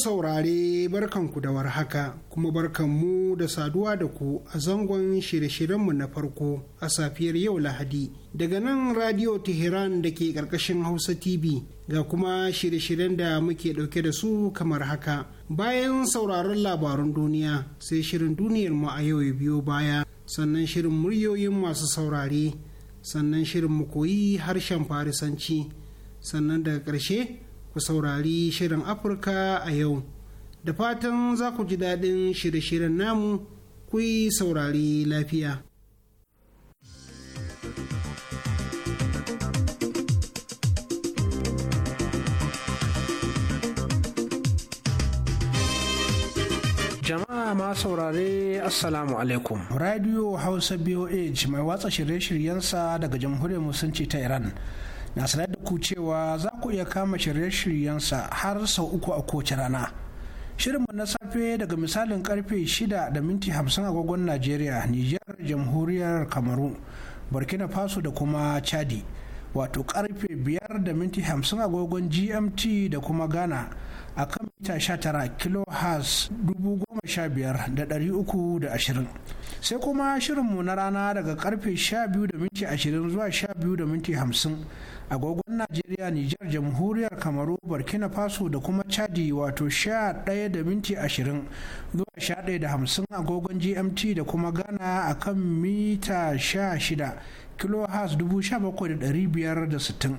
saurare barkanku da warhaka kuma barkanmu da saduwa da ku a zangon shirye-shiryenmu na farko a safiyar yau Lahadi daga nan Radio Tehran da ke ƙarƙashin Hausa TV ga kuma shirye-shiryen da muke ɗauke da su kamar haka. Bayan sauraron labarun duniya sai shirin duniyarmu a yau ya biyo baya sannan shirin muryoyin masu saurare sannan shirin mu koyi harshen Farisanci sannan daga karshe. ku saurari shirin afirka a yau da fatan za ku ji daɗin shirye-shiryen namu ku yi saurari lafiya jama'a ma saurare assalamu alaikum radio hausa boh mai watsa shirye-shiryensa daga jamhuriyar musulunci ta iran na sanar da ku cewa za ku iya kama shirye-shiryensa har sau uku a kowace rana shirinmu na safe daga misalin karfe 6 da minti 50 agogon najeriya nijar jamhuriyar kamaru burkina faso da kuma chadi wato karfe 5 da minti 50 agogon gmt da kuma ghana a kan mita 19 kilohertz 15320 sai kuma shirinmu na rana daga karfe 12.20 zuwa hamsin agogon najeriya nijar jamhuriyar kamaru burkina faso da kuma chadi wato sha ɗaya 11.20 zuwa da hamsin agogon gmt da kuma ghana a kan mita 16 kilohertz sittin.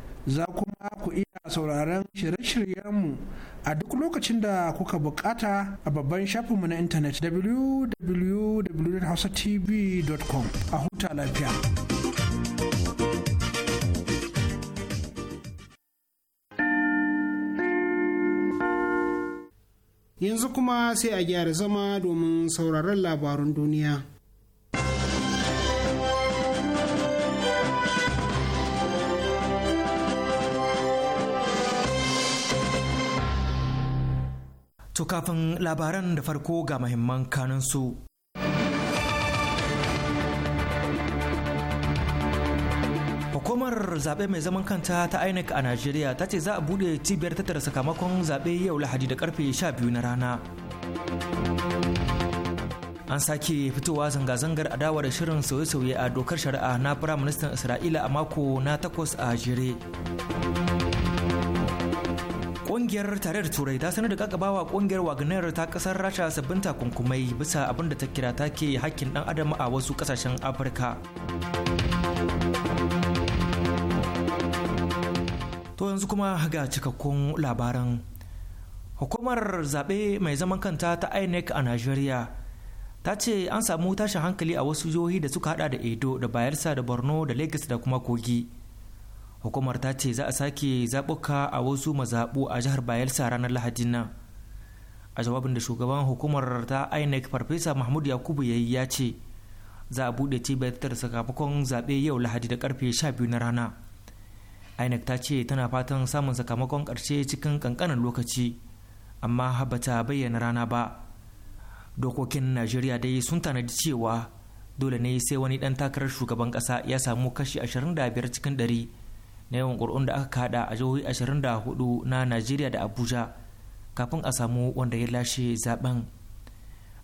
za kuma ku iya sauraron shirye-shiryenmu a duk lokacin da kuka bukata a babban shafinmu na intanet www.hausatv.com a huta lafiya. Yanzu kuma sai a gyara zama domin sauraron labarun duniya. To kafin labaran da farko ga mahimman su. Hukumar zaɓe mai zaman kanta ta INEC a Najeriya ta ce za a buɗe cibiyar tattara sakamakon zaɓe yau Lahadi da karfe 12 na rana. An sake fitowa zanga-zangar adawa da shirin sauye-sauye a dokar shari'a na Firaministan Isra'ila a mako na takwas a jere. Ƙungiyar tarayyar Turai ta sanar da kakabawa kungiyar Wagner ta kasar Rasha sabbin takunkumai bisa abin da ta kira ta ke hakkin dan adam a wasu kasashen Afirka. To yanzu kuma ga cikakkun labaran. Hukumar zaɓe mai zaman kanta ta INEC a nigeria ta ce an samu tashin hankali a wasu jihohi da suka hada da Edo da Bayelsa da Borno da Lagos da kuma Kogi. hukumar ta ce za a sake zaɓuka a wasu mazaɓu a jihar bayelsa ranar lahadin nan a jawabin da shugaban hukumar ta inec farfesa mahmud yakubu yayi ya ce za a buɗe cibiyar da sakamakon zaɓe yau lahadi da karfe 12 na rana inec ta ce tana fatan samun sakamakon ƙarshe cikin ƙanƙanin lokaci amma habata ta bayyana rana ba dokokin najeriya dai sun tanadi cewa dole ne sai wani ɗan takarar shugaban ƙasa ya samu kashi 25 cikin ɗari. na yawan ƙur'un da aka kada a jihohi 24 na najeriya da abuja kafin a samu wanda ya lashe zaben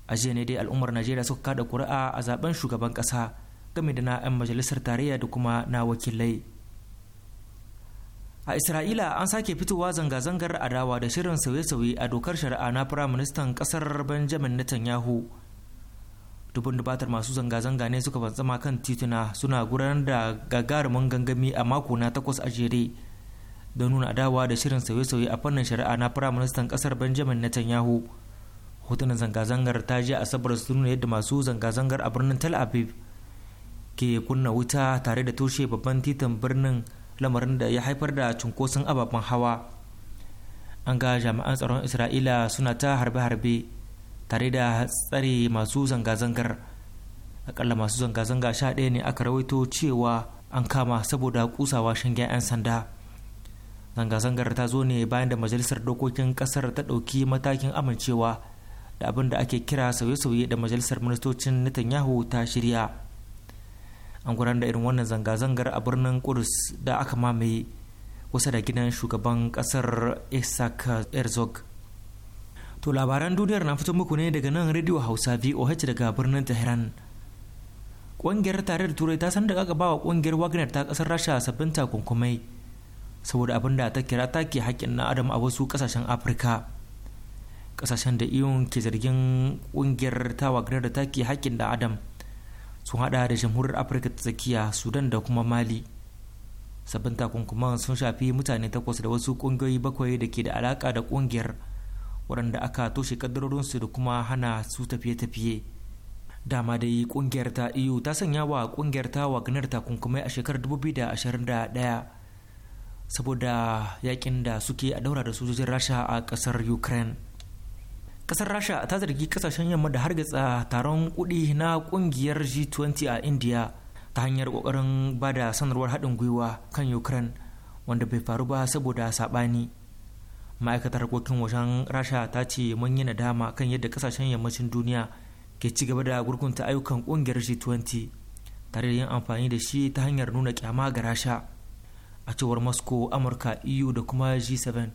a jiya ne dai al'ummar najeriya suka kada ƙuri'a a zaben shugaban ƙasa game da na 'yan majalisar tarayya da kuma na wakilai a isra'ila an sake fitowa zanga-zangar adawa da shirin sauye-sauye a dokar shari'a na firaministan ƙasar benjamin netanyahu dubun dubatar masu zanga-zanga ne suka fantsama kan tituna suna gudanar da gagarumin gangami a mako na takwas a jere don nuna adawa da shirin sauye-sauye a fannin shari'a na firaministan kasar benjamin netanyahu hotunan zanga-zangar ta je asabar su nuna yadda masu zanga-zangar a birnin tel aviv ke kunna wuta tare da toshe babban titin birnin lamarin da ya haifar da cunkoson ababen hawa an ga jami'an tsaron isra'ila suna ta harbe-harbe tare da tsare masu zanga-zangar akalla masu zanga-zanga sha ɗaya ne aka rawaito cewa an kama saboda kusawa shinge 'yan sanda zanga-zangar ta zo ne bayan da majalisar dokokin kasar ta ɗauki matakin amincewa da abin da ake kira sauye-sauye da majalisar ministocin netanyahu ta shirya an gudanar da irin wannan zanga-zangar a birnin kudus da aka mamaye kusa da gidan shugaban kasar isaac herzog To labaran duniyar na fito muku ne daga nan Radio Hausa VOH daga birnin Tehran. Ƙungiyar da Turai ta san da aka bawa kungiyar Wagner ta kasar Rasha sabbin takunkumai saboda abin da ta kira take haƙƙin na adam a wasu kasashen Afirka. kasashen da iyon ke zargin kungiyar ta Wagner da take haƙƙin da adam sun hada da jamhuriyar Afirka ta tsakiya Sudan da kuma Mali. Sabbin takunkuman sun shafi mutane takwas da wasu kungiyoyi bakwai da ke da alaka da kungiyar. waɗanda aka toshe kaddarorinsu da kuma hana su tafiye-tafiye dama dai kungiyar ta eu ta sanya wa kungiyar ta wagner takunkumai a shekarar 2021 saboda yakin da suke a daura da sojojin rasha a kasar ukraine kasar rasha ta zargi kasashen yamma da hargitsa taron kudi na kungiyar g20 a india ta hanyar kokarin bada sanarwar haɗin gwiwa kan ukraine wanda bai faru ba saboda saɓani ma'aikatar harkokin wajen rasha ta ce mun yi nadama kan yadda kasashen yammacin duniya ke ci gaba da gurgunta ayyukan kungiyar g20 tare da yin amfani da shi ta hanyar nuna kyama ga rasha a cewar moscow amurka eu da kuma g7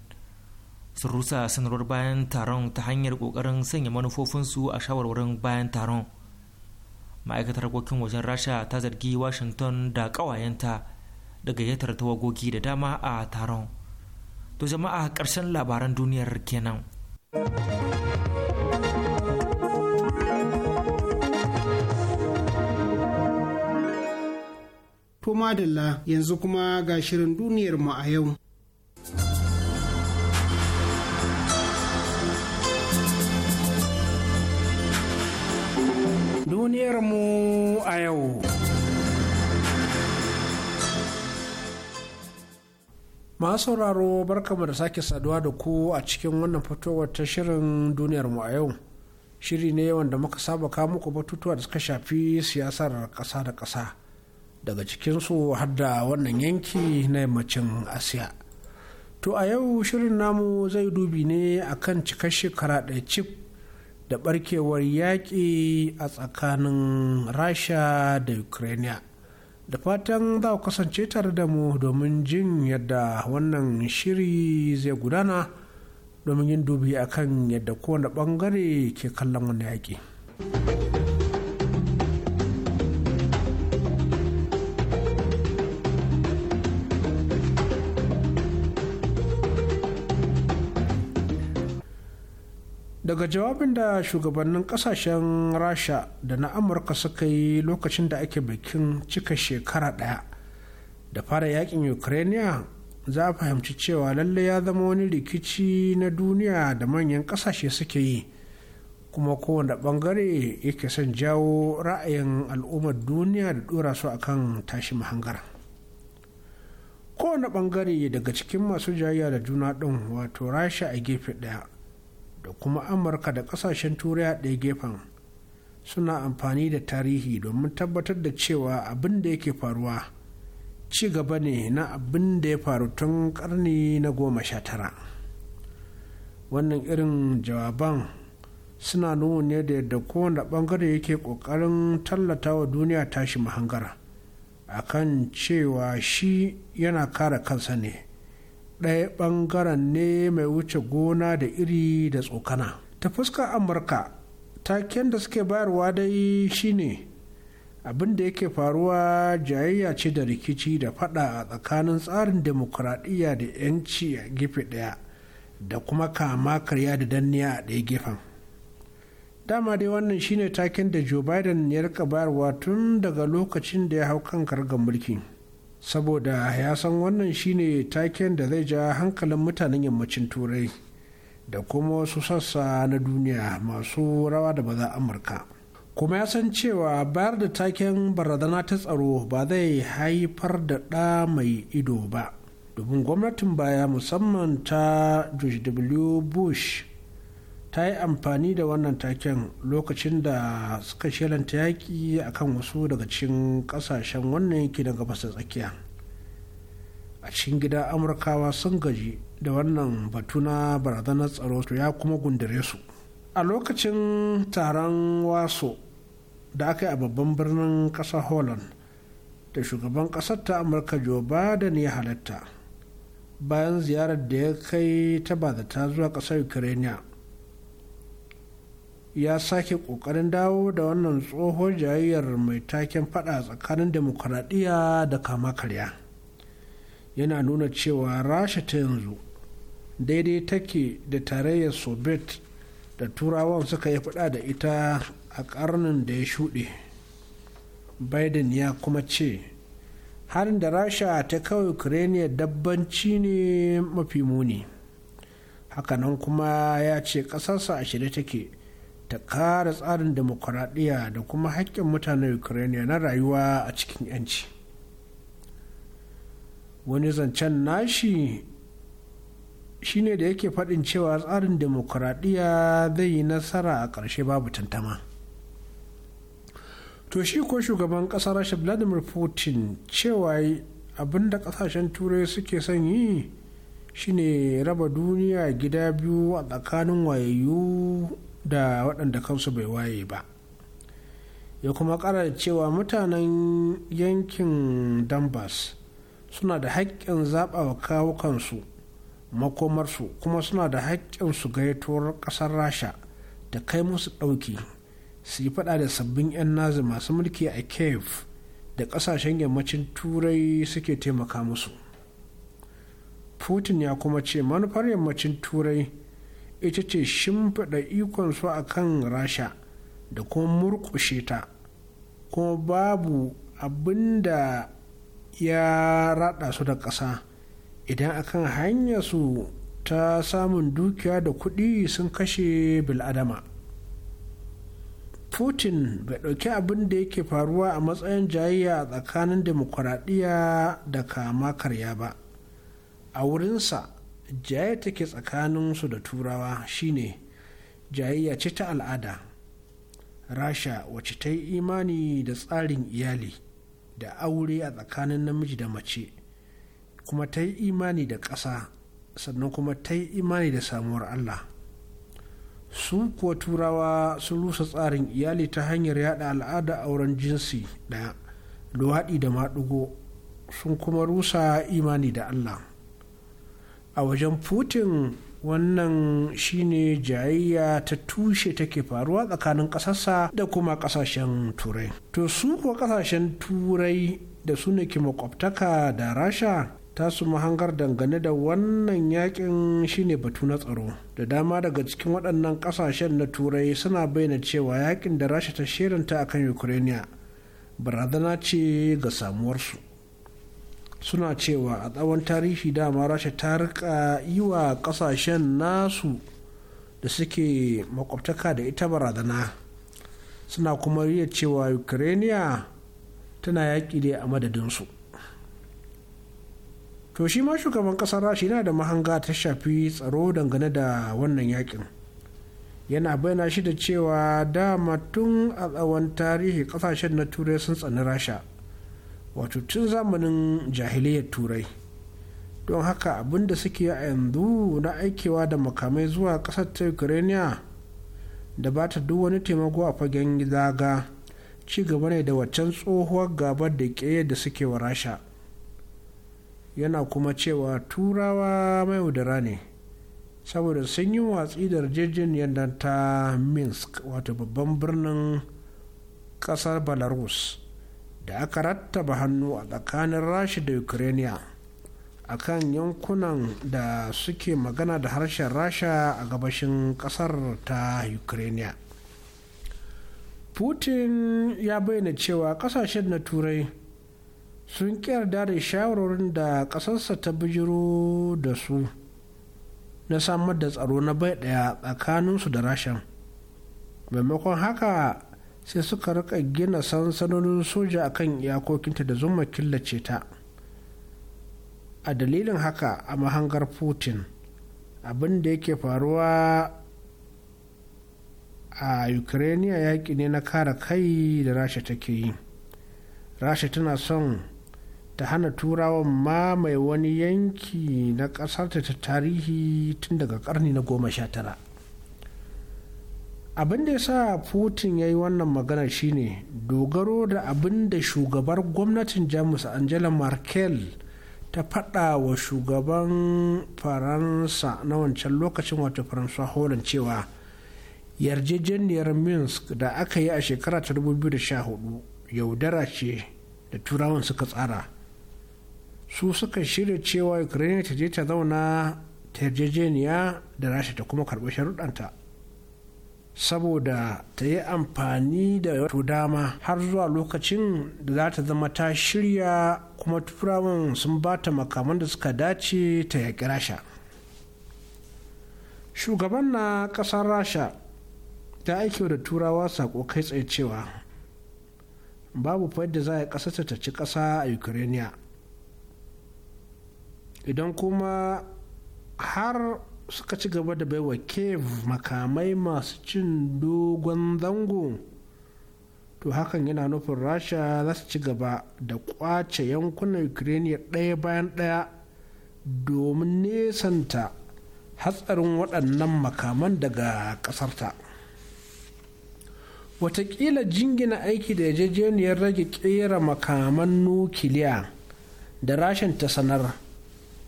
sun rusa sanarwar bayan taron ta hanyar kokarin sanya manufofinsu a shawarwarin bayan taron ma'aikatar harkokin wajen rasha ta zargi washington da kawayenta da gayyatar tawagogi da dama a taron to jama'a ƙarshen labaran duniyar kenan. To madalla yanzu kuma ga shirin duniyar mu a yau. Duniyar mu a yau. masu sauraro barkamu da sake saduwa da ku a cikin wannan fitowar ta shirin duniyar mu a yau shiri ne wanda muka saba kawo muku batutuwa da suka shafi siyasar kasa da kasa daga cikinsu har da wannan yanki na yammacin asiya to a yau shirin namu zai dubi ne a kan cikar shekara ɗaya cif da barkewar yaƙi a tsakanin rasha da ukraine da fatan za ku kasance tare da mu domin jin yadda wannan shiri zai gudana domin yin dubi akan yadda kowane bangare ke kallon wani yaƙi. daga jawabin da shugabannin kasashen rasha da na amurka suka yi lokacin da ake bikin cika shekara daya da fara yakin ukraine za a fahimci cewa lalle ya zama wani rikici na duniya da manyan kasashe suke yi kuma kowane bangare yake son jawo ra'ayin al'ummar duniya da dora su akan tashi mahangar kowane bangare daga cikin masu jayayya da juna ɗin wato rasha a gefe ɗaya da kuma amurka da kasashen turai a ɗaya gefen suna amfani da tarihi domin tabbatar da cewa abin da yake faruwa ci gaba ne na abin da ya faru tun karni na goma sha tara wannan irin jawaban suna nuna ne da yadda kowane bangare yake kokarin tallata wa duniya tashi mahangara akan cewa shi yana kare kansa ne ɗaya ɓangaren ne mai wuce gona da iri da tsokana ta fuskar amurka taken da suke bayarwa dai shine abin da yake faruwa jayayya ce da rikici da fada a tsakanin tsarin demokuraɗiyya da 'yanci a gefe ɗaya da kuma kama karya da danniya a ɗaya gefen dama dai wannan shine taken da joe biden ya rika bayarwa tun daga lokacin da ya hau kan kargar mulki saboda ya san wannan shine taken da zai ja hankalin mutanen yammacin turai da kuma wasu sassa na duniya masu rawa da baza amurka kuma ya san cewa bayar da taken barazana ta tsaro ba zai haifar da ɗa mai ido ba domin gwamnatin baya musamman ta george w bush ta yi amfani da wannan taken lokacin da suka shelanta yaƙi a kan wasu daga cikin ƙasashen wannan yanki na gabas da tsakiya a cikin gida amurkawa sun gaji da wannan batu na barazanar tsaro ya kuma gundare su a lokacin taron waso da aka yi a babban birnin ƙasar holland da shugaban ƙasar ta amurka joe biden ya halatta bayan ziyarar da ya kai ta bazata zuwa ƙasar ukraine ya sake ƙoƙarin dawo da wannan tsohon jayayyar mai taken fada tsakanin demokuraɗiyya da kama karya yana nuna cewa rasha ta yanzu daidai take da tarayyar soviet da turawan suka yi fada da ita a ƙarnin da ya shuɗe biden ya kuma ce harin da rasha ta kawai ukraine dabbanci ne mafi muni hakanan kuma ya ce ƙasarsa a shirye take ta kara tsarin demokuraɗiyya da kuma haƙƙin mutanen ukraine na rayuwa a cikin 'yanci wani zancen nashi shine da yake faɗin cewa tsarin demokuraɗiyya zai yi nasara a ƙarshe babu tantama to shi ko shugaban ƙasar rasha vladimir putin cewa abinda ƙasashen turai suke son yi shine raba duniya gida biyu a tsakanin wayayyu da waɗanda kansu bai waye ba ya kuma ƙara da cewa mutanen yankin dambas suna da haƙƙin zaɓa wa kawukansu makomarsu kuma suna da haƙƙin su gaituwar ƙasar rasha da kai musu ɗauki su yi faɗa da sabbin 'yan nazi masu mulki a kiev da ƙasashen yammacin turai suke taimaka musu putin ya kuma ce manufar yammacin turai ita ce shimfiɗa ikonsu a kan rasha da kuma murƙushe ta kuma babu abin da ya rada su da ƙasa idan akan su ta samun dukiya da kuɗi sun kashe biladama putin bai ɗauki abin da yake faruwa a matsayin jayayya tsakanin demokuraɗiyya da kama karya ba a wurinsa jayayya take tsakaninsu da turawa shine jayayya ce ta al'ada rasha wacce ta yi imani da tsarin iyali da aure a tsakanin namiji da mace kuma ta yi imani da ƙasa sannan kuma ta yi imani da samuwar allah su kuwa turawa sun rusa tsarin iyali ta hanyar yada al'ada auren jinsi ɗaya luwaɗi da maɗugo sun kuma rusa imani da allah a wajen putin wannan shine jayayya ta tushe take faruwa tsakanin ƙasarsa da kuma ƙasashen turai to su kuwa ƙasashen turai da su ne ke makwabtaka da rasha ta tasu mahangar dangane da wannan yakin shine batu na tsaro da dama daga cikin waɗannan ƙasashen na turai suna bayyana cewa yakin da rasha ta shirinta akan ukraine barazana ce ga samuwarsu suna cewa a tsawon tarihi dama rasha ta rika yi wa kasashen nasu da suke makwabtaka da ita barazana suna kuma riya cewa ukrainiya tana yaƙi da a madadinsu to shi ma shugaban ƙasar rashi yana da mahanga ta shafi tsaro dangane da wannan yakin yana bayyana shi da cewa dama tun a tsawon tarihi ƙasashen na turai sun tsani rasha wato tun zamanin jahiliyar turai don haka abin da suke a yanzu na aikewa da makamai zuwa ƙasar ta ukraine da ba ta duk wani taimako a fagen zaga ci gaba ne da waccan tsohuwar gabar da ke da suke wa rasha yana kuma cewa turawa mai udara ne saboda sun yi watsi da yadda ta minsk wato babban birnin ƙasar belarus da aka rattaba hannu a tsakanin rasha da ukraine a kan yankunan da suke magana da harshen rasha a gabashin kasar ta ukraine putin ya bayyana cewa kasashen na turai sun yarda da shawarorin da kasarsa ta bijiro da su na samar da tsaro na bai daya tsakaninsu da rashan maimakon haka sai suka rika gina sansanonin soja a kan iyakokinta da zuma killace ta a dalilin haka a mahangar putin abin da yake faruwa a ukraine yaƙi ne na kara kai da rasha take yi rasha tana son ta hana turawan mamaye wani yanki na ƙasarta ta tarihi tun daga ƙarni na goma sha tara abin da ya sa putin ya yi wannan magana shine dogaro da abin da shugabar gwamnatin jamus angela merkel ta faɗa wa shugaban faransa na wancan lokacin wato faransa holan cewa yarjejeniyar minsk da aka yi a shekara ta 2014 yaudara ce da turawan suka tsara su suka shirya cewa ukraine ta je ta zauna ta yarjejeniya da rasha ta kuma karɓi sharuɗanta saboda ta yi amfani da wato dama har zuwa lokacin da za ta zama ta shirya kuma turawan sun ba ta makaman da suka dace ta yaƙi rasha shugaban na ƙasar rasha ta aiki da turawa saƙo kai tsaye cewa babu fadda za a ƙasarta ta ci ƙasa a ukraine idan kuma har suka ci gaba da baiwa cave makamai masu cin dogon zango to hakan yana nufin rasha za su ci gaba da kwace yankunan ukraine ɗaya bayan ɗaya domin nesanta hatsarin waɗannan makaman daga ƙasarta watakila jingina aiki da yarjejeniyar rage ƙera makaman nukiliya da rashin ta sanar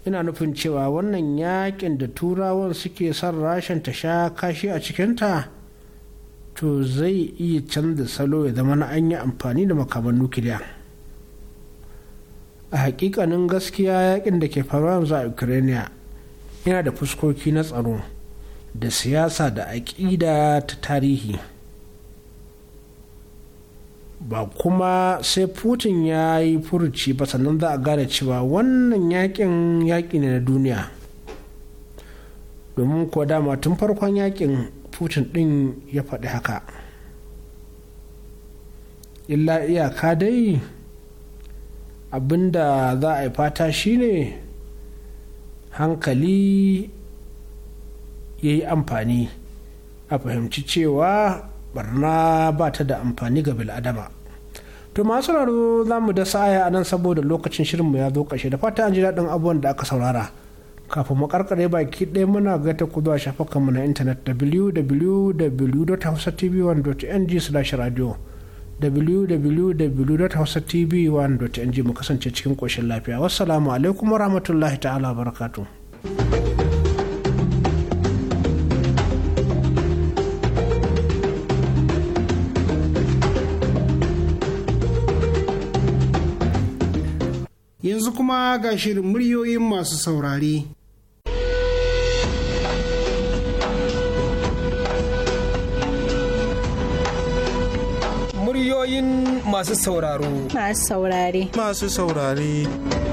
ina nufin cewa wannan yakin da turawan suke son rashin ta sha kashi a cikinta to zai iya canza salo ya zama na an amfani da makaman nukiliya a hakikanin gaskiya yakin da ke faruwa yanzu a ukraine yana da fuskoki na tsaro da siyasa da aƙida ta tarihi ba kuma sai putin ya yi furuci ba sannan za a gane cewa wannan yakin yaƙi ne na duniya domin kuwa dama tun farkon yakin putin ɗin ya faɗi haka illa iyaka dai abinda za a yi fata shine hankali ya yi amfani a fahimci cewa barna ba ta da amfani ga bil'adama to masu raro za mu da sa'aya a nan saboda lokacin shirinmu ya zo kashe da fata an ji daɗin abubuwan da aka saurara kafin mu karkare baki ɗaya muna ga ta shafakar mu shafukanmu na intanet www.hausatv1.ng/radio www.hausatv1.ng mu kasance cikin ƙoshin lafiya wassalamu alaikum rahmatullahi ta'ala barakatuh kuma ga shirin muryoyin masu saurare. Muryoyin masu sauraro. Masu saurare. Masu saurare.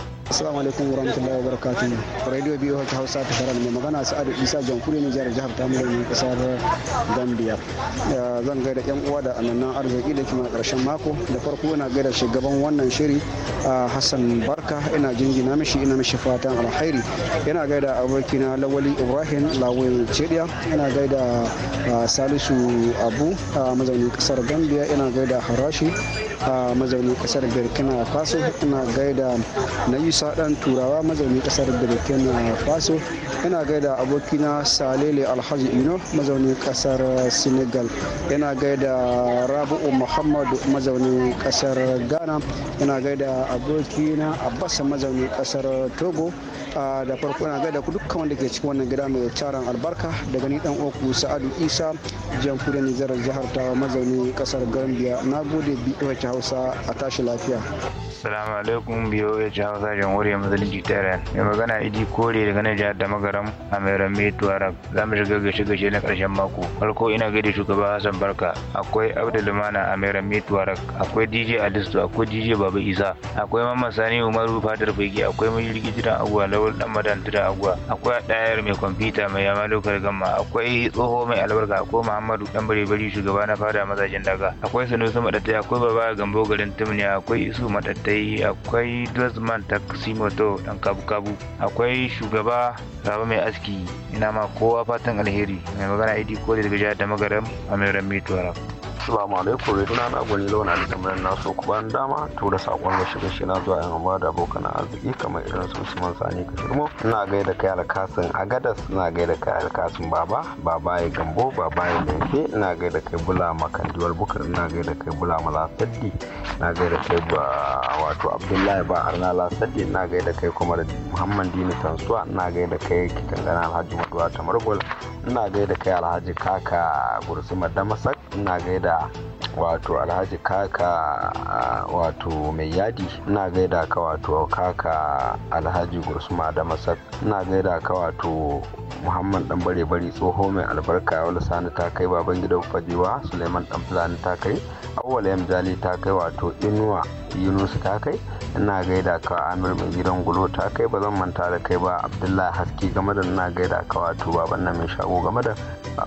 Assalamu alaikum wa wabarakatuh. Radio biyu Hausa Hausa ta Faran mai magana Sa'adu Isa Jamhuriyar Nijar jihar ta mulki kasar Gambia. Zan gaida yan uwa da anannan arziki da kuma karshen mako da farko ina gaida shugaban wannan shiri Hassan Barka ina jingina mishi ina mishi fatan alkhairi. Ina gaida abokina Lawali Ibrahim Lawal Cediya ina gaida Salisu Abu a mazaunin kasar Gambia ina gaida Harashi a mazaunin kasar burkina faso ina gaida na yusa dan turawa mazaunin kasar burkina faso ina gaida abokina salele alhaji ino mazaunin kasar senegal ina gaida rabu'u muhammadu mazaunin kasar ghana ina gaida abokina abbas mazaunin kasar togo da farko ina gaida dukkan wanda ke cikin wannan gida mai taron albarka daga ni dan uku sa'adu isa jamhuriyar nijar jihar ta mazaunin kasar gambia na gode bi hausa a tashi lafiya salamu alaikum biyo ya ci hausa jamhuriyar musulunci tehran mai magana idi kore daga nan jihar damagaram a mai rame tuwara za mu shiga gashe gashe na karshen mako farko ina gaida shugaba hassan barka akwai abdulmana a mai rame tuwara akwai dj alistu akwai dj baba isa akwai mamman sani umaru fadar fage akwai mai rigijiran agwa lawal dan madan tuda agwa akwai ɗayar mai kwamfuta mai yama lokar gamma akwai tsoho mai albarka akwai muhammadu dan bari bari shugaba na fada mazajen daga akwai sanusi madatai akwai baba gambo garin tumni akwai isu matattai akwai dozman takasimoto dan kabu-kabu akwai shugaba raba mai aski ina ma kowa fatan alheri mai magana idi ko daga jihar da a mai ramme Assalamu alaikum rai na gwani launa da kamar nasu ku bayan dama da saƙon da shirin shi na zuwa yan amma da abokan arziki kamar irin su Usman Sani Kashirmo ina da kai alkasin Agadas ina da kai alkasin Baba Baba ya Gambo Baba ya Danke ina da kai Bula Makandiwar Bukar ina da kai Bula Malasadi ina da kai ba wato Abdullahi ba Arna Lasadi ina da kai kuma Muhammad Dini Tansuwa ina da kai Kitangana Alhaji Maduwa Tamargol ina da kai Alhaji Kaka Gursu Damasak ina gaida wato alhaji kaka wato mai yadi ina gaida ka wato kaka alhaji gursuma da masak ina gaida ka wato muhammad dan bare bari tsoho mai albarka wani sani ta kai baban gidan fajewa suleiman dan fulani ta kai awwal Jali ta kai wato inuwa yunus ta kai ina gaida ka amir mai gidan gulo ta kai ba zan manta da kai ba abdullahi haske game da ina gaida ka wato baban nan mai shago game da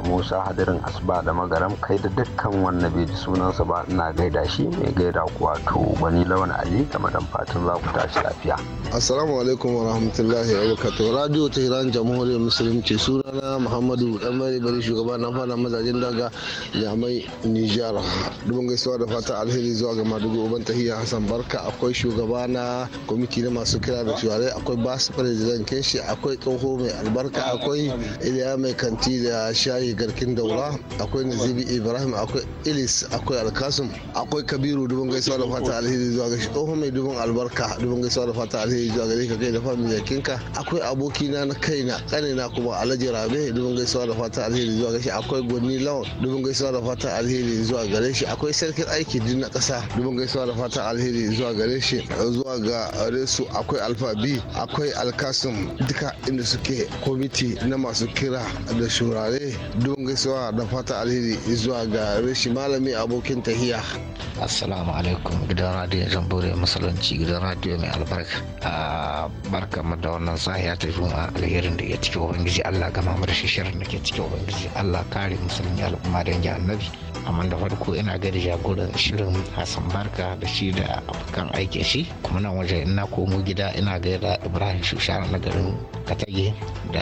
musa hadirin asuba da magaram kai da dukkan wannan bai ji sunansa ba ina gaida shi mai gaida ku wato wani lawan ali game da fatan za ku tashi lafiya assalamu alaikum wa rahmatullahi wa barakatuh radio tehran jamhuriyar musulunci sunana muhammadu dan bari bari shugaba na fara mazajin daga jami'ai nijar dubin gaisuwa da fata alheri zuwa ga madugo uban tahiya zambarka akwai shugaba na kwamiti na masu kira da shuwarai akwai basu president kenshi akwai tsoho mai albarka akwai iliya mai kanti da shayi garkin daura akwai nazibi ibrahim akwai ilis akwai alkasum akwai kabiru dubin gaisuwa da fata alheri zuwa ga tsoho mai dubin albarka dubin gaisuwa da fata alheri zuwa gare ka kai da fami yakinka akwai abokina na kaina kanina kuma alhaji rabe dubin gaisuwa da fata alheri zuwa gare shi akwai gwani lawan dubin gaisuwa da fata alheri zuwa gare shi akwai sarkin aiki din na kasa dubin gaisuwa da fata alheri alheri zuwa gare shi zuwa ga resu akwai alfa b akwai alkasim duka inda suke kwamiti na masu kira da shurare don gaisuwa da fata alheri zuwa ga reshi malami abokin tahiya assalamu alaikum gidan radiyon jamhuriyar masalanci gidan radiyo mai albarka a ah, barka da wannan sahiya ta juma alherin da ke cikin ubangiji allah gama mu shishirin da ke cikin ubangiji allah kare musulmi al'umma da annabi amma da farko ina da jagoran shirin hassan barka da shi da abokan aiki shi kuma nan waje ina komo gida ina da ibrahim shushar na garin katage da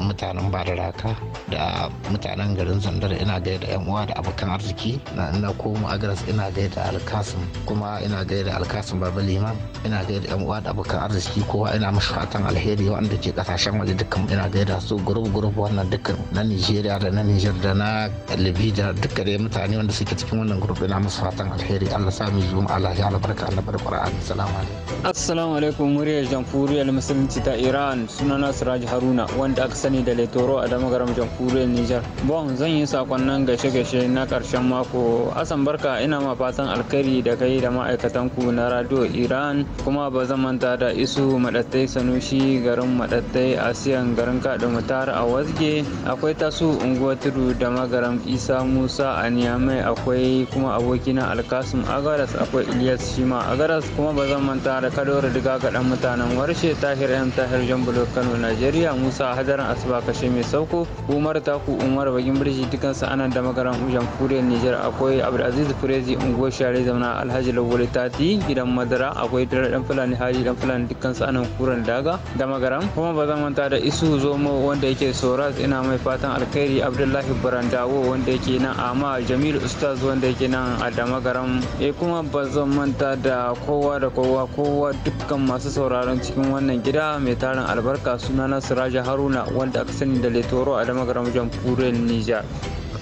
mutanen bararaka da mutanen garin zandar ina gaida yan uwa da abokan arziki na ina komo agras ina gaida alkasim kuma ina gaida alkasim baba liman ina gaida yan uwa da abokan arziki kowa ina mashi fatan alheri wanda ke kasashen waje dukkan ina gaida su gurub gurub wannan dukkan na nigeria da na niger da na libya dukkan dai mutane wanda suke cikin wannan gurbi ina musu fatan alheri Allah sa mu Allah ya albarka Allah bar assalamu alaikum assalamu alaikum muryar jamhuriyar musulunci ta Iran sunana Siraj Haruna wanda aka sani da Letoro a damagaram jamhuriyar Niger bon zan yi sakonnan gashe gashe na karshen mako asan barka ina ma fatan alkhairi da kai da ma'aikatan ku na radio Iran kuma ba zan manta da isu madattai sanushi garin madattai asiyan garin kada mutar a wasge akwai tasu unguwar tudu da magaram isa musa a Niamey akwai kuma abokina Alkasum Agaras akwai Ilyas Shima Agaras kuma ba zan manta da Kadoro Diga ga dan mutanen Warshe Tahir M Tahir Jambulo Kano Najeriya Musa Hadaran Asuba Kashe Mai Sauko Umar Taku Umar Bagin Birji dukansu anan da magaran Ujan Kuriyar Nijar akwai Abdulaziz furezi Unguwar Share zauna Alhaji Lawole Tati Gidan Madara akwai Dare Dan Fulani Haji Dan Fulani dukansu anan Kuran Daga da magaran kuma ba zan manta da Isu Zomo wanda yake Soras ina mai fatan alkhairi Abdullahi Barandawo wanda yake nan a kuma jamilu ustaz wanda yake nan a damagaram e kuma ba zan manta da kowa da kowa kowa dukkan masu sauraron cikin wannan gida mai tarin albarka suna na siraja haruna wanda aka sani da letoro a garan jamhuriyar nijar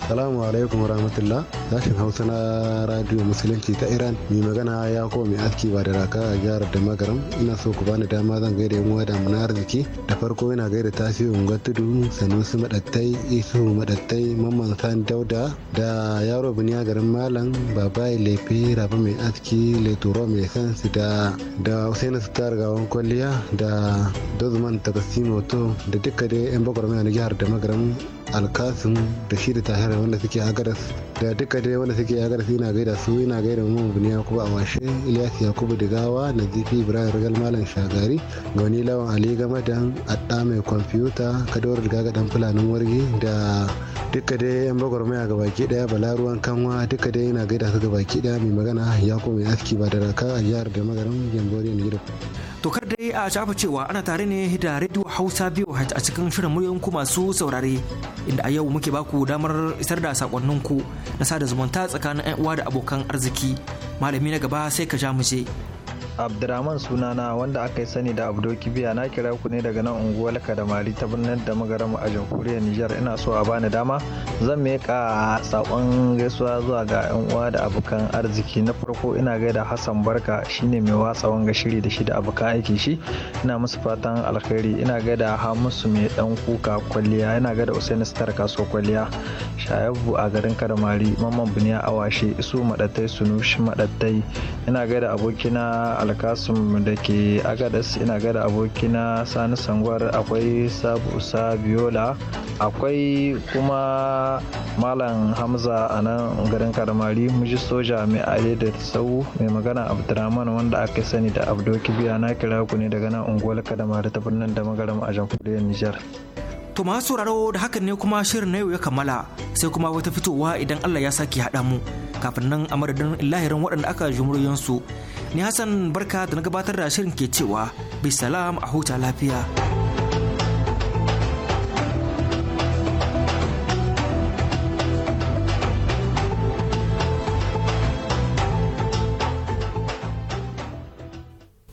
Salamu alaikum wa rahmatullah sashen Hausa na Radio Musulunci ta Iran mai magana ya ko mai aski ba da raka a jihar da magaram ina so ku bani dama zan gaida yan wada da muna arziki da farko yana gaida tasiri unguwar tudu su madattai isu madattai mamman san dauda da yaro biniya garin malam babai lefe rabu mai aski leturo mai sansi da da Usaini Sitar gawan kwalliya da Dozman Takasimoto da duka dai yan bakwai na jihar da magaram alkafin da shi da tahir wanda suke agaras da duka dai wanda suke agaras ina gaida su ina gaida mu bin yakubu a washe ilyas yakubu digawa nazifi ibrahim ragal malam shagari ga wani lawan ali game da mai kwamfuta kadawar gaga dan fulanin wargi da duka dai yan bagwarmaya ga baki daya bala ruwan kanwa duka dai ina gaida su ga baki daya mai magana yakubu mai aski ba da raka a jihar da magaran gembori ne to kar dai a shafa cewa ana tare ne da radio hausa biyu a cikin shirin muryoyin ku masu saurare inda a yau muke baku damar isar da sakonninku na sada zumunta tsakanin 'yan uwa da abokan arziki malami na gaba sai ka ja mu je abdurrahman sunana wanda aka yi sani da abdo kibiya na kira ku ne daga nan unguwar kadamari ta birnin da magaram a jamhuriyar nijar ina so a bani dama zan meka sakon gaisuwa zuwa ga yan uwa da abokan arziki na farko ina gaida hassan barka shine mai watsa wanga shiri da shi da abokan aiki shi ina musu fatan alkhairi ina gaida hamisu mai dan kuka kwalliya ina gaida usain star kaso kwalliya shayabu a garin kadamari mamman buniya awashe isu madattai shi madattai ina gaida abokina alkasum da ke agadas ina gada abokina sani sangwar akwai sabu sabiola akwai kuma malam hamza a nan garin karmari muji soja mai ale da sau mai magana abdurrahman wanda aka sani da abdoki biya na kira ku ne daga nan unguwar kadamari ta birnin da magaram a jamhuriyar nijar To masu sauraro da hakan ne kuma shirin na yau ya kammala sai kuma wata fitowa idan Allah ya sake haɗa mu kafin nan a madadin lahirin waɗanda aka jumuriyansu ni hassan barka da na gabatar da shirin ke cewa bisalam a huta lafiya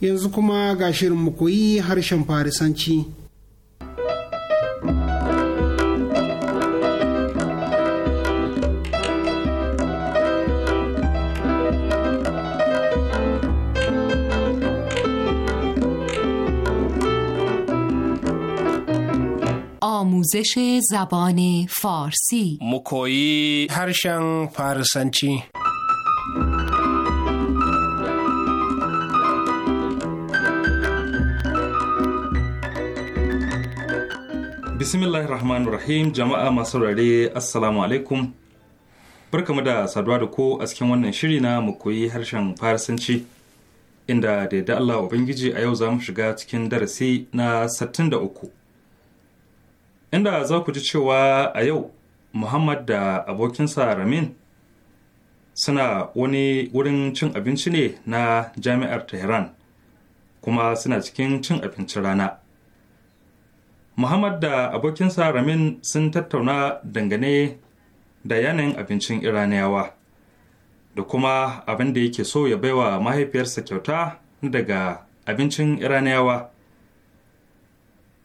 yanzu kuma ga shirin mu koyi harshen farisanci آموزش زبان فارسی مکویی هرشن فارسنچی bismillahir rahmanir rahim jama'a masu rare alaikum barkamu da saduwa da ko a cikin wannan shiri na mu koyi harshen farisanci inda da yadda Allah Ubangiji a yau za mu shiga cikin darasi na 63 inda za ku ji cewa a yau muhammad da abokinsa ramin suna wani wurin cin abinci ne na jami'ar tehran kuma suna cikin cin abincin rana muhammad da abokinsa ramin sun tattauna dangane da yanayin abincin iraniyawa da kuma abin da yake so ya baiwa mahaifiyarsa kyauta daga abincin iraniyawa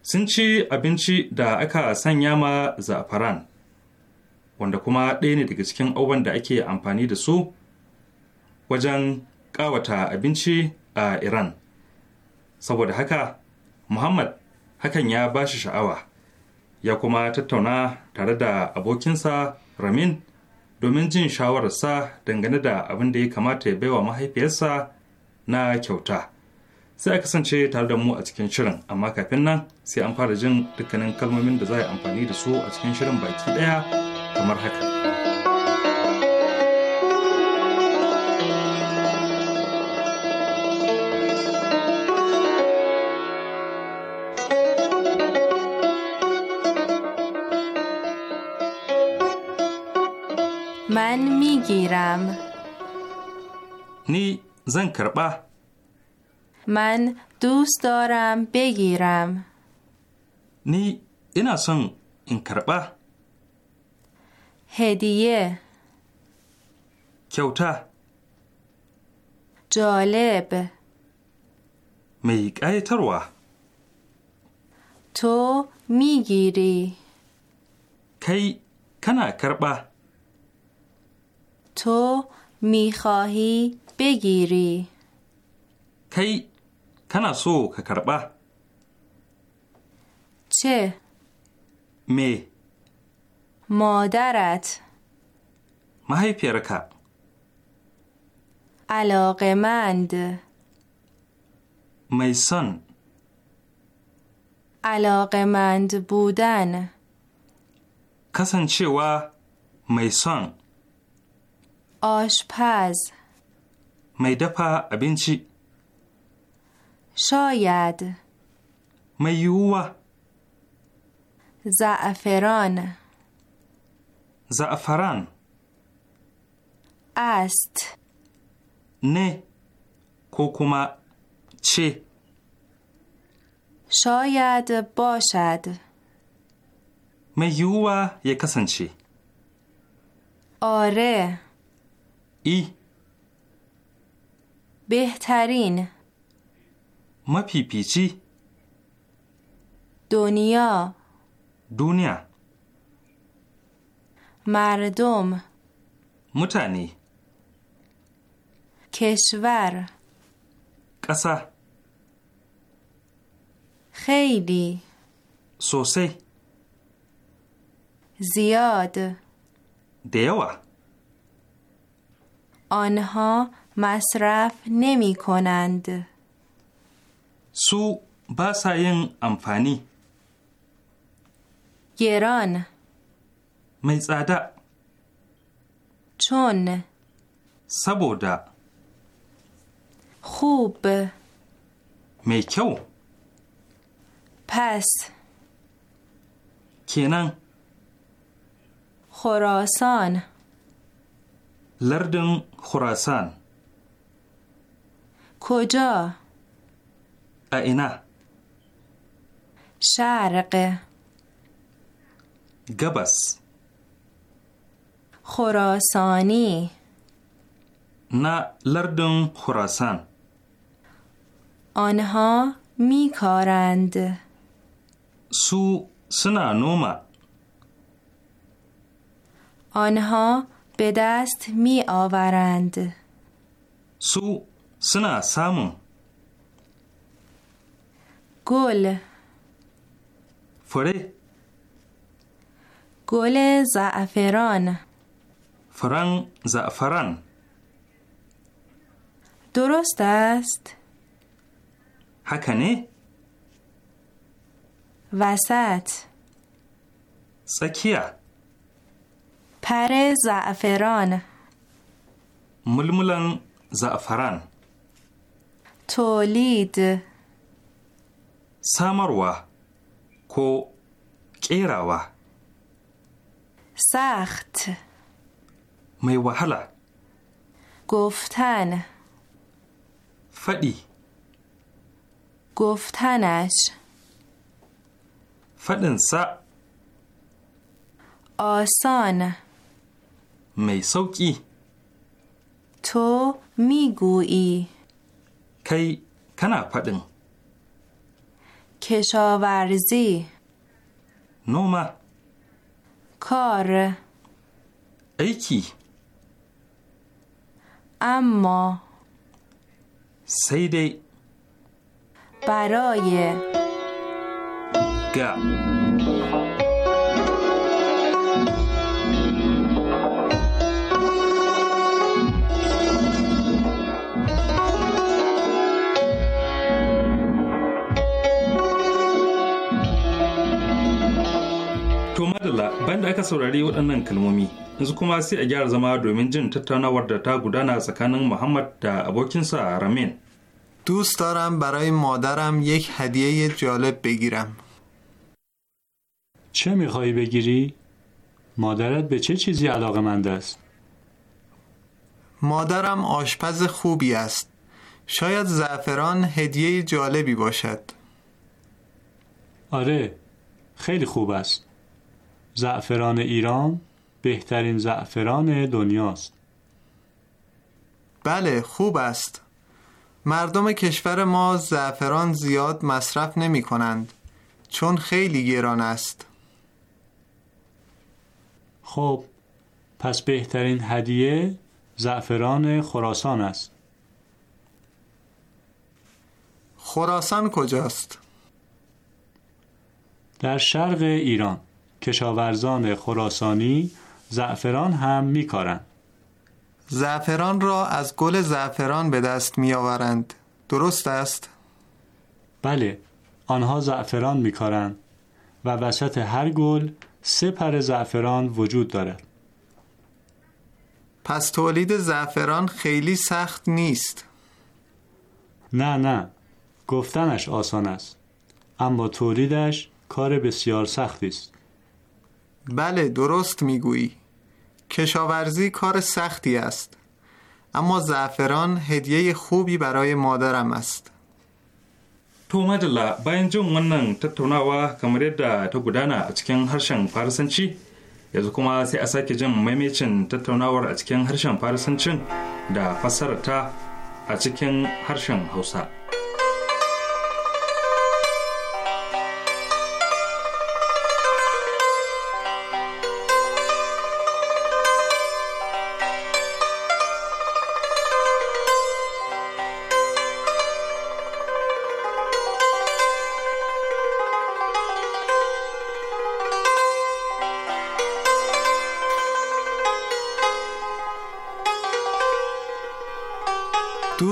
sun ci abinci da aka sanya ma za'afaran wanda kuma ɗaya ne daga cikin abubuwan da ake amfani da su wajen ƙawata abinci a iran saboda haka muhammad hakan ya ba shi sha'awa ya kuma tattauna tare da abokinsa ramin domin jin shawararsa dangane da abin da ya kamata ya baiwa mahaifiyarsa na kyauta sai a kasance tare da mu a cikin shirin amma kafin nan sai an fara jin dukkanin kalmomin da za a yi amfani da su a cikin shirin baki ɗaya kamar haka. من میگیرم نی زن من دوست دارم بگیرم نی اینا سن این کربا هدیه کیوتا جالب میگه تروه تو میگیری کی کنا کربه تو میخواهی بگیری کی kana so ka karɓa? ce me modarat. mahaifiyarka علاقمند mai son علاقمند budan. kasancewa mai son آشپز mai dafa abinci شاید میوه زعفران زعفران است نه کوکوما چه شاید باشد میوه یکسن چی آره ای بهترین ما پی دنیا دنیا مردم متنی کشور کسه خیلی سوسی زیاد دیوا آنها مصرف نمی کنند su ba sa yin amfani. Geron Mai tsada. Chon Saboda. Hub Mai kyau. Pass Kenan. Khurasan Lardin Khurasan. koja نه شرق گبس خراسانی نه لردن خراسان آنها میکارند سو سنا نوما آنها به دست می سو سنا سامون گل فره گل زعفران فرن زعفران درست است هکنه وسط سکیه پر زعفران ململن زعفران تولید samarwa ko ƙerawa. Sacht mai wahala. Goftan. faɗi. Guftanash faɗinsa. Osan mai sauƙi. To migui kai kana faɗin. کشاورزی نوم کار ایکی اما سیدی برای گ bayan da aka saurari waɗannan kalmomi yanzu kuma sai a gyara zama domin jin tattaunawar da ta gudana tsakanin دوست دارم برای مادرم یک هدیه جالب بگیرم چه میخوایی بگیری؟ مادرت به چه چیزی علاقه است؟ مادرم آشپز خوبی است شاید زعفران هدیه جالبی باشد آره خیلی خوب است زعفران ایران بهترین زعفران دنیاست بله خوب است مردم کشور ما زعفران زیاد مصرف نمی کنند چون خیلی گران است خب پس بهترین هدیه زعفران خراسان است خراسان کجاست؟ در شرق ایران کشاورزان خراسانی زعفران هم میکارند. زعفران را از گل زعفران به دست میآورند. درست است؟ بله، آنها زعفران میکارند و وسط هر گل سه پر زعفران وجود دارد. پس تولید زعفران خیلی سخت نیست. نه نه، گفتنش آسان است. اما تولیدش کار بسیار سختی است. بله درست میگویی کشاورزی کار سختی است اما زعفران هدیه خوبی برای مادرم است تو مجلا با اینجا منن تتوناوا کمرید دا تو گدانا اچکین هرشن پارسن چی یزو کما سی اصا که جم ممیچن تتوناوار اچکین هرشن پارسن دا فسر تا اچکین هرشن حوصر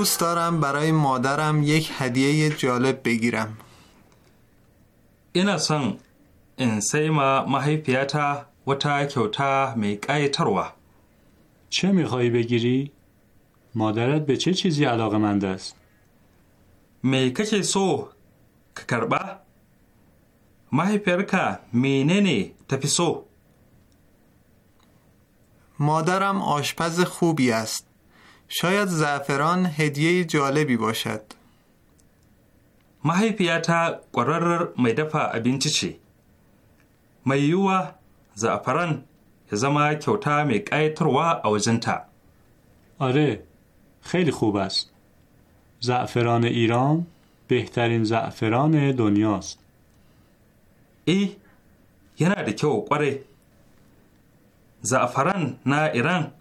استارم دارم برای مادرم یک هدیه جالب بگیرم این اصلا in و ma mahaifiyata wata kyauta mai ƙayatarwa. چه میخوایی بگیری؟ مادرت به چه چیزی علاقه است؟ می کچه سو که کربا؟ مهیپرکا میننه تفی سو؟ مادرم آشپز خوبی است. شاید زعفران هدیه جالبی باشد مهیپیاتا قرار میدفع ابین چی میوه زعفران زما کیوتا می قایتر آره خیلی خوب است زعفران ایران بهترین زعفران دنیاست ای یه نده که قره زعفران نه ایران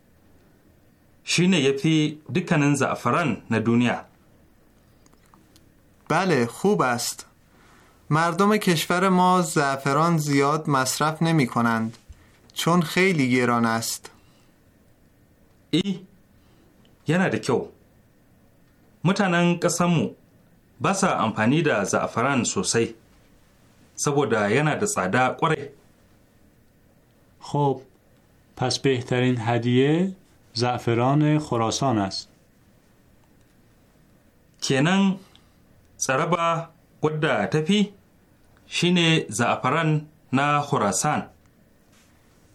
شینه یپی دکنن زعفران نه دنیا بله خوب است مردم کشور ما زعفران زیاد مصرف نمی کنند چون خیلی گیران است ای yana da kyau mutanen ƙasanmu بس sa amfani da za'afaran sosai saboda yana da tsada قره خب پس بهترین هدیه زعفران خراسان است. کنن سربا قد تفی شین زعفران نا خراسان.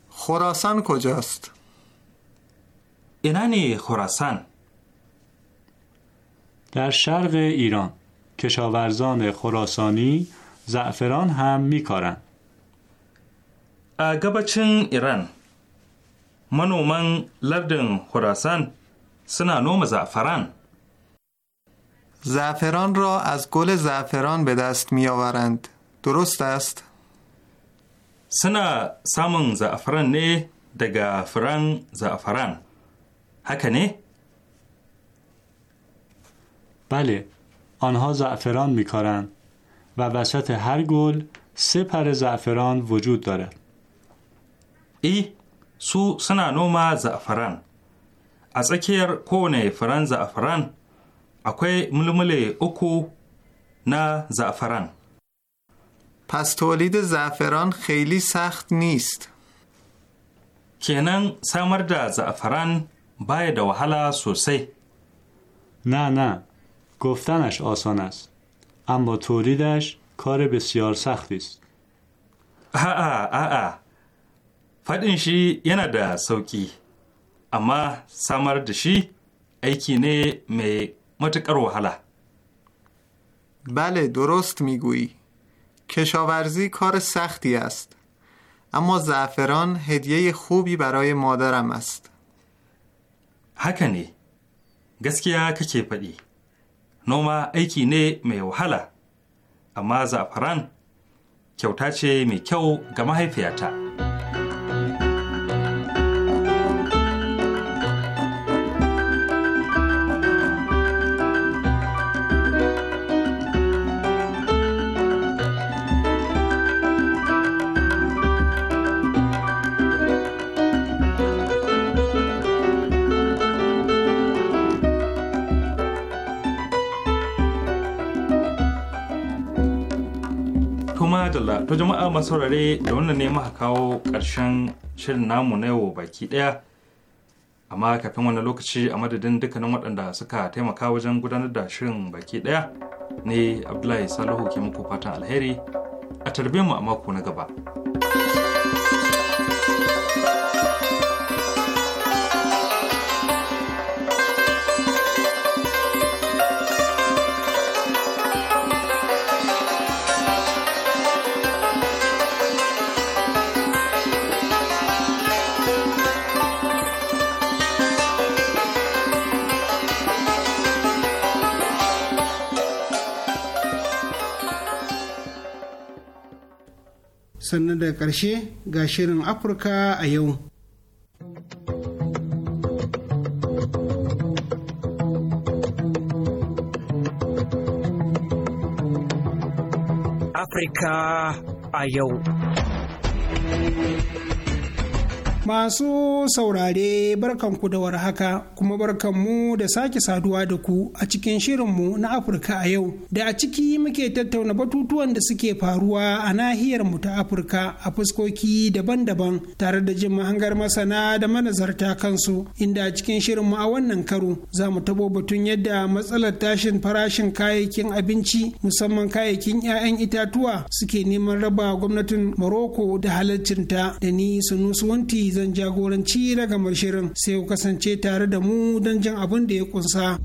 خراسان کجاست؟ اینانی خراسان. در شرق ایران کشاورزان خراسانی زعفران هم میکارند. اگه ایران منومن لردن خراسان سنا نوم زعفران زعفران را از گل زعفران به دست می آورند درست است؟ سنا سامن زعفران نه دگا فران زعفران هکنه؟ بله آنها زعفران میکارند و وسط هر گل سه پر زعفران وجود دارد ای سو suna نومه زعفران از اکیر کونه فرن زعفران اکوی mulmule اکو نه زعفران پس تولید زعفران خیلی سخت نیست کنن سمر دا زعفران باید وحلا سوسی نه نه گفتنش آسان است اما تولیدش کار بسیار سختی است آه آه آه faɗin shi yana da sauƙi amma samar da shi aiki ne mai matuƙar wahala بله درست میگویی کشاورزی کار سختی است اما زعفران هدیه خوبی برای مادرم است هکنی گسکیا ککی پدی نوما ایکی نه می وحلا اما زعفران کیوتا چه mai kyau فیاتا. ta to jama'a masu saurare da wannan ne muka kawo ƙarshen shirin namu na yau baki ɗaya amma kafin wani lokaci a madadin dukkanin waɗanda suka taimaka wajen gudanar da shirin baki ɗaya ne abdullahi salihu ke muku fatan alheri a tarbe mu a mako na gaba. sannan daga ƙarshe ga shirin afirka a yau afirka a yau Masu saurare barkan ku da warhaka kuma mu da sake saduwa da ku a cikin shirinmu na Afirka a yau da a ciki muke tattauna batutuwan da suke faruwa a nahiyar mu ta Afirka a fuskoki daban-daban tare da jin mahangar masana da manazarta kansu inda a cikin shirinmu a wannan karo za mu tabo batun yadda matsalar tashin farashin kayayyakin abinci musamman kayayyakin 'ya'yan itatuwa suke neman raba gwamnatin Morocco da halaccinta da ni Sunusuwanti zan jagoranci na gamar shirin sai ku kasance tare da mu don jan abin da ya kunsa.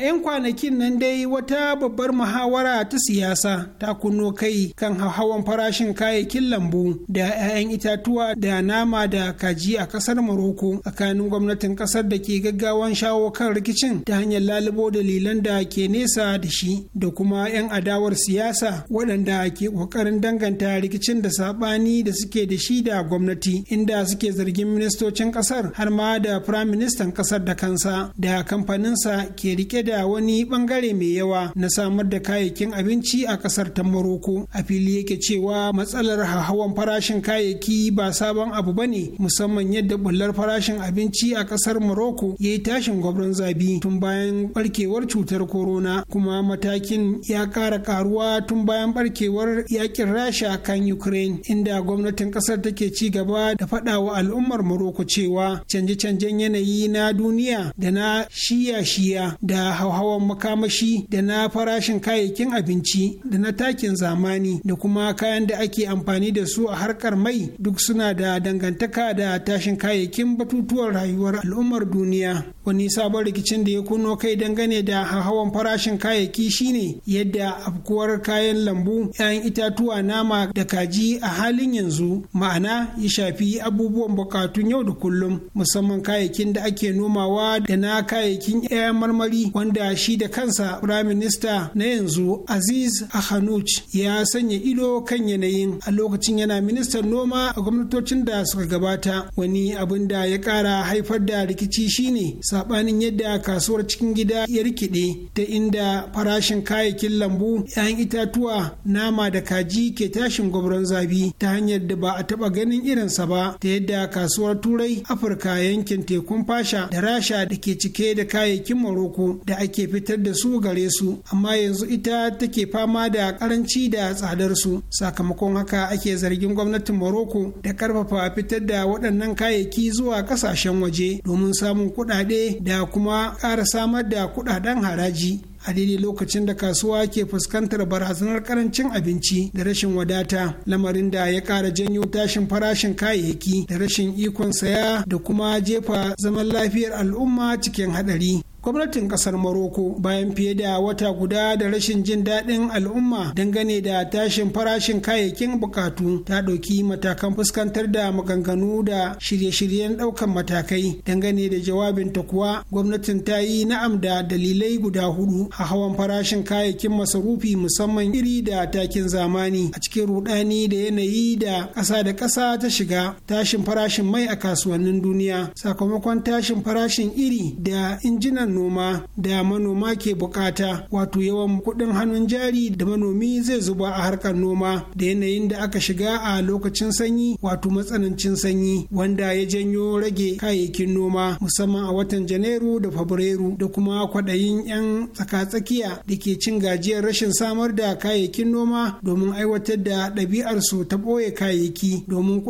'yan kwanakin nan dai wata babbar muhawara ta siyasa ta kunno kai kan hawan farashin kayayyakin lambu da 'ya'yan itatuwa da nama da kaji a kasar Morocco tsakanin gwamnatin kasar da ke gaggawan shawo kan rikicin ta hanyar lalubo dalilan da ke nesa da shi da kuma 'yan adawar siyasa waɗanda ke ƙoƙarin danganta rikicin da saɓani da suke da shi da gwamnati inda suke zargin ministocin kasar har ma da firaministan kasar da kansa da kamfaninsa ke rike da da wani bangare mai yawa na samar da kayayyakin abinci a kasar ta Morocco. A fili yake cewa matsalar hawan farashin kayayyaki ba sabon abu ba ne musamman yadda bullar farashin abinci a kasar Morocco ya yi tashin gwabron zabi tun bayan barkewar cutar corona kuma matakin ya ƙara karuwa tun bayan barkewar yakin rasha kan Ukraine inda gwamnatin kasar take ci gaba da faɗa wa al'ummar Morocco cewa canje-canjen yanayi na duniya da na shiya-shiya da hauhawan makamashi da na farashin kayayyakin abinci da na takin zamani da kuma kayan da ake amfani da su a harkar mai duk suna da dangantaka da tashin kayayyakin batutuwar rayuwar al'ummar duniya wani sabon rikicin da ya kuno kai dangane da hauhawan farashin kayayyaki shine yadda afkuwar kayan lambu 'ya'yan itatuwa nama da kaji a halin yanzu ma'ana ya shafi abubuwan bukatun yau da kullum musamman kayayyakin da ake nomawa da na kayayyakin 'ya'yan marmari wanda wanda shi da kansa Prime Minister na yanzu Aziz Akhanuch ya sanya ido kan yanayin a lokacin yana ministan noma a gwamnatocin da suka gabata wani abin da ya kara haifar da rikici shine sabanin yadda kasuwar cikin gida ya rikide ta inda farashin kayayyakin lambu 'ya'yan itatuwa nama da kaji ke tashin gwabron zabi ta hanyar da ba a taba ganin irinsa ba ta yadda kasuwar turai afirka yankin tekun fasha da rasha da ke cike da kayayyakin maroko da ake fitar da su gare su amma yanzu ita take fama da karanci da tsadar su sakamakon haka ake zargin gwamnatin Morocco da karfafa fitar da waɗannan kayayyaki zuwa ƙasashen waje domin samun kuɗaɗe da kuma ƙara samar da kuɗaɗen haraji a daidai lokacin da kasuwa ke fuskantar barazanar karancin abinci da rashin wadata lamarin da ya ƙara janyo tashin farashin kayayyaki da rashin ikon saya da kuma jefa zaman lafiyar al'umma cikin haɗari. gwamnatin kasar maroko bayan fiye da wata guda da rashin jin daɗin al'umma dangane da tashin farashin kayayyakin bukatu ta ɗauki matakan fuskantar da maganganu da shirye-shiryen ɗaukan matakai dangane da jawabin ta kuwa gwamnatin ta yi na'am da dalilai guda hudu a hawan farashin kayayyakin masarufi musamman iri da takin zamani a cikin rudani da yanayi da ƙasa da ƙasa ta shiga tashin farashin mai a kasuwannin duniya sakamakon tashin farashin iri da injinan ayyukan noma da manoma ke bukata wato yawan kudin hannun jari da manomi zai zuba a harkar noma da yanayin da aka shiga a lokacin sanyi wato matsanancin sanyi wanda ya janyo rage kayayyakin noma musamman a watan janairu da fabrairu da kuma kwaɗayin 'yan tsakatsakiya da ke cin gajiyar rashin samar da kayayyakin noma domin aiwatar da ɗabi'arsu ta ɓoye kayayyaki domin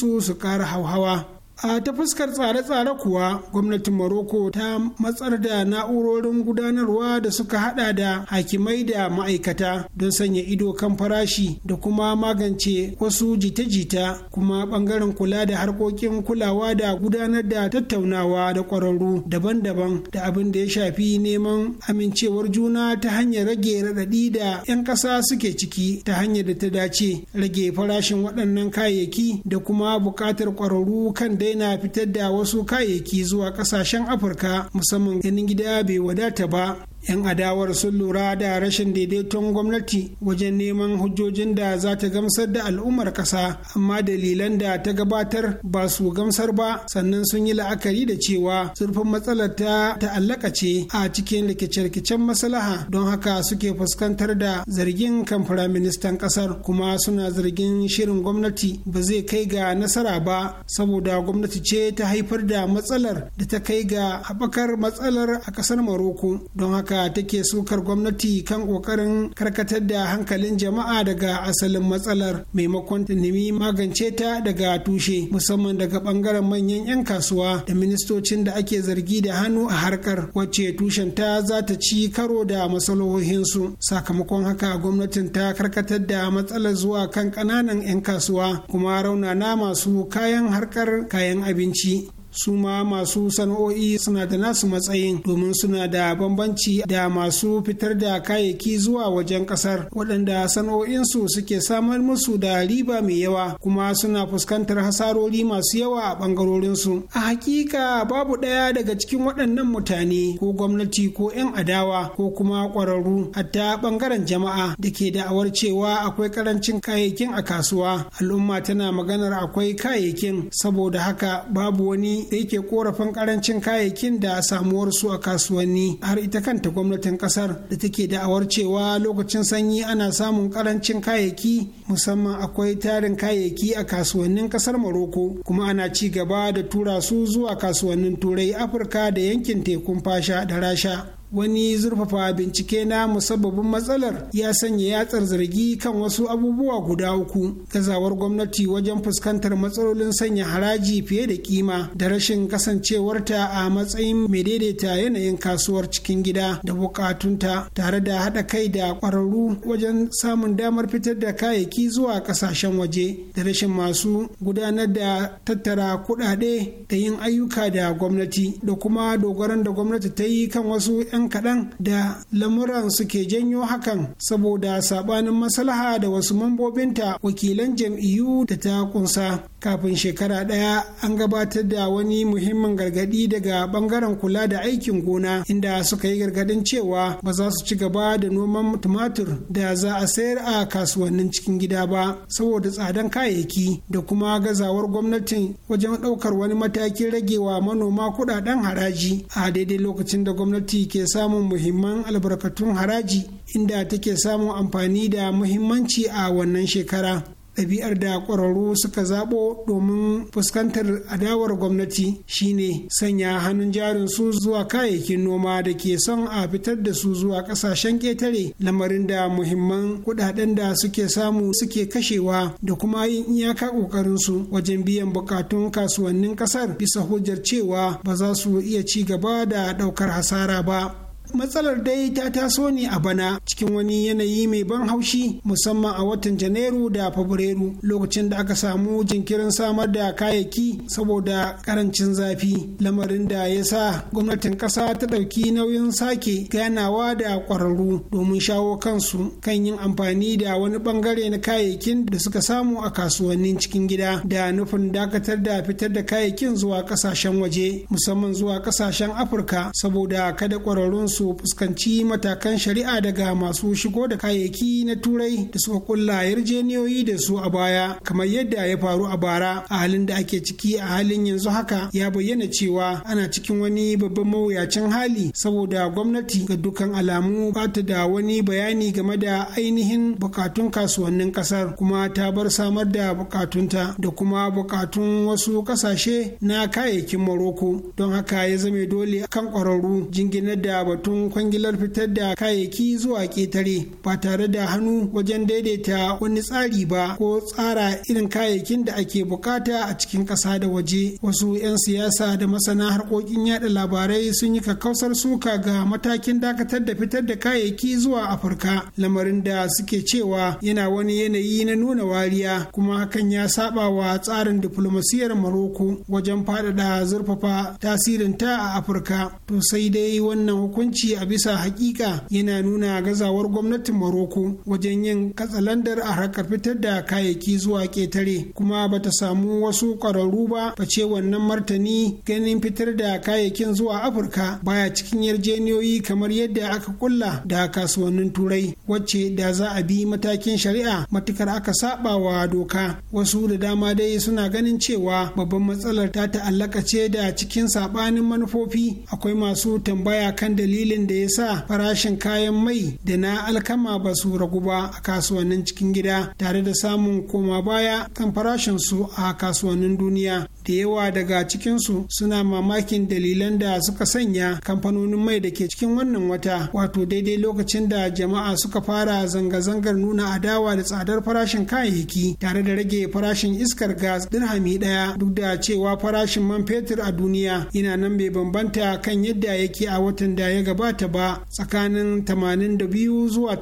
su su ƙara hauhawa a ta fuskar tsare-tsare kuwa gwamnatin maroko ta matsar da na'urorin gudanarwa da suka hada da hakimai da ma'aikata don sanya ido kan farashi da kuma magance wasu jita-jita kuma bangaren kula da harkokin kulawa da gudanar da tattaunawa da kwararru daban-daban da abin da ya shafi neman amincewar juna ta hanyar rage raɗaɗi da 'yan ƙasa suke ciki ta hanyar da ta dace rage farashin waɗannan kayayyaki da kuma buƙatar kwararru kan dai daina fitar da wasu kayayyaki zuwa kasashen afirka musamman ganin gida bai wadata ba 'yan adawar sun lura da rashin daidaiton gwamnati wajen neman hujjojin da za ta gamsar da al'ummar ƙasa amma dalilan da ta gabatar ba su gamsar ba sannan sun yi la'akari da cewa zurfin matsalar ta ta'allaka ce a cikin rikice-rikicen maslaha don haka suke fuskantar da zargin kan firaministan ƙasar kuma suna zargin shirin gwamnati ba zai kai ga nasara ba saboda gwamnati ce ta haifar da matsalar da ta kai ga haɓakar matsalar a ƙasar maroko don haka amurka take sukar gwamnati kan kokarin karkatar da hankalin jama'a daga asalin matsalar maimakon ta nemi magance ta daga tushe musamman daga bangaren manyan 'yan kasuwa da ministocin da ake zargi da hannu a harkar wacce tushen ta za ta ci karo da matsalohinsu. sakamakon haka gwamnatin ta karkatar da matsalar zuwa kan ƙananan 'yan kasuwa kuma raunana masu kayan harkar kayan abinci su ma masu sana'o'i suna da nasu matsayin domin suna da bambanci da masu fitar da kayayyaki zuwa wajen kasar waɗanda sana'o'insu suke samar musu da riba mai yawa kuma suna fuskantar hasarori masu yawa a ɓangarorinsu a hakika babu ɗaya daga cikin waɗannan mutane ko gwamnati ko 'yan adawa ko kuma ƙwararru hatta ɓangaren jama'a da ke da'awar cewa akwai ƙarancin kayayyakin a kasuwa al'umma tana maganar akwai kayayyakin saboda haka babu wani da yake korafin karancin kayayyakin da samuwar su a kasuwanni har ita kanta gwamnatin kasar da take da'awar cewa lokacin sanyi ana samun karancin kayayyaki musamman akwai tarin kayayyaki a kasuwannin kasar maroko kuma ana ci gaba da tura su zuwa kasuwannin turai afirka da yankin tekun fasha da rasha wani zurfafa bincike na musabbabin matsalar ya sanya yatsar zargi kan wasu abubuwa guda uku gazawar gwamnati wajen fuskantar matsalolin sanya haraji fiye da kima da rashin kasancewarta a matsayin mai daidaita yanayin kasuwar cikin gida da bukatunta tare da haɗa kai da ƙwararru wajen samun damar fitar da kayayyaki zuwa ƙasashen waje da rashin masu gudanar da tattara kuɗaɗe da yin ayyuka da gwamnati da kuma dogaron da gwamnati ta yi kan wasu 'yan ɗan kaɗan da lamuran suke janyo hakan saboda sabanin maslaha da wasu mambobinta wakilan jam'iyyu da ta kunsa kafin shekara ɗaya an gabatar da wani muhimmin gargaɗi daga ɓangaren kula da aikin gona inda suka yi gargaɗin cewa ba za su ci gaba da noman tumatur da za a sayar a kasuwannin cikin gida ba saboda tsadan kayayyaki da kuma gazawar gwamnatin wajen ɗaukar wani matakin ragewa manoma kuɗaɗen haraji a daidai lokacin da gwamnati ke samun muhimman albarkatun haraji inda take samun amfani da muhimmanci a wannan shekara ɗabi'ar da ƙwararru suka zaɓo domin fuskantar adawar gwamnati shine sanya hannun jarin su zuwa kayayyakin noma da ke son a fitar da su zuwa ƙasashen ƙetare lamarin da muhimman kuɗaɗen da suke samu suke kashewa da kuma yin iyaka ƙoƙarin su wajen biyan buƙatun kasuwannin ƙasar bisa hujjar cewa ba za su iya ci gaba da ɗaukar hasara ba. matsalar dai ta taso ne a bana cikin wani yanayi mai ban haushi musamman a watan janairu da fabrairu lokacin da aka samu jinkirin samar da kayayyaki saboda karancin zafi lamarin da ya sa gwamnatin kasa ta ɗauki nauyin sake ganawa da ƙwararru domin shawo kansu kan yin amfani da wani bangare na kayayyakin da suka samu a kasuwannin cikin gida da nufin dakatar da fitar da kayayyakin zuwa ƙasashen waje musamman zuwa ƙasashen afirka saboda kada ƙwararrunsu. su fuskanci matakan shari'a daga masu shigo da kayayyaki na turai da suka kulla yarjeniyoyi da su a baya kamar yadda ya faru a bara a halin da ake ciki a halin yanzu haka ya bayyana cewa ana cikin wani babban mawuyacin hali saboda gwamnati ga dukkan alamu ba ta da wani bayani game da ainihin bukatun kasuwannin kasar kuma ta bar samar da bukatunta da kuma bukatun wasu kasashe na kayayyakin maroko don haka ya zame dole kan kwararru jinginar da batu batun kwangilar fitar da kayayyaki zuwa ƙetare ba tare da hannu wajen daidaita wani tsari ba ko tsara irin kayayyakin da ake bukata a cikin ƙasa da waje wasu 'yan siyasa da masana harkokin yada labarai sun yi kakkausar suka ga matakin dakatar da fitar da kayayyaki zuwa afirka lamarin da suke cewa yana wani yanayi na nuna wariya kuma hakan ya saba wa tsarin diflomasiyyar maroko wajen faɗaɗa zurfafa tasirinta a afirka to sai dai wannan hukunci hukunci a bisa hakika yana nuna gazawar gwamnatin Maroko wajen yin katsalandar a harkar fitar da kayayyaki zuwa ketare kuma ba ta samu wasu ƙwararru ba face wannan martani ganin fitar da kayayyakin zuwa Afirka baya cikin yarjeniyoyi kamar yadda aka kulla da kasuwannin Turai wacce da za a bi matakin shari'a matukar aka saba wa doka wasu da dama dai suna ganin cewa babban matsalar ta ta'allaka ce da cikin sabanin manufofi akwai masu tambaya kan dalilin dalilin da ya sa farashin kayan mai da na alkama ba su ragu ba a kasuwannin cikin gida tare da samun koma baya kan farashin su a kasuwannin duniya da yawa daga cikinsu suna mamakin dalilan da suka sanya kamfanonin mai da ke cikin wannan wata wato daidai lokacin da jama'a suka fara zanga-zangar nuna adawa da tsadar farashin kayayyaki tare da rage farashin iskar gas dirhami daya duk da cewa farashin man fetur a duniya yana nan bai bambanta kan yadda yake a watan da ya gabata ba tsakanin 82 zuwa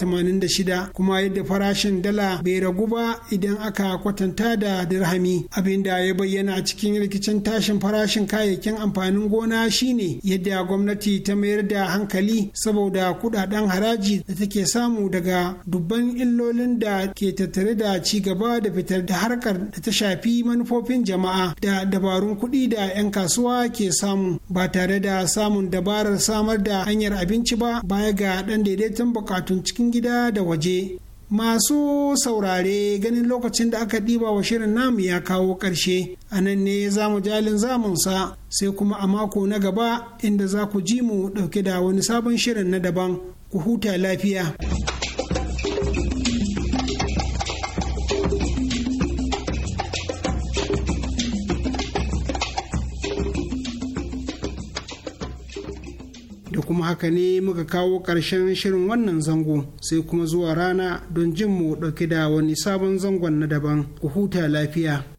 shida. kuma yadda farashin dala bai ragu ba idan aka kwatanta da dirhami abin da ya bayyana a cikin cikin rikicin tashin farashin kayayyakin amfanin gona shine yadda gwamnati ta mayar da hankali saboda kudaden haraji da take samu daga dubban illolin da ke tattare da ci gaba da fitar da harkar da ta shafi manufofin jama'a da dabarun kuɗi da 'yan kasuwa ke samu ba tare da samun dabarar samar da hanyar abinci ba baya ga ɗan daidaiton bukatun cikin gida da waje Masu saurare ganin lokacin da aka ɗiba wa shirin namu ya kawo ƙarshe, a nan ne za mu jalin zamunsa sai kuma a mako na gaba inda za ku ji mu ɗauke da wani sabon shirin na daban, ku huta lafiya. kuma haka ne muka kawo ƙarshen shirin wannan zango sai kuma zuwa rana don jin mu ɗauki da wani sabon zangon na daban ku huta lafiya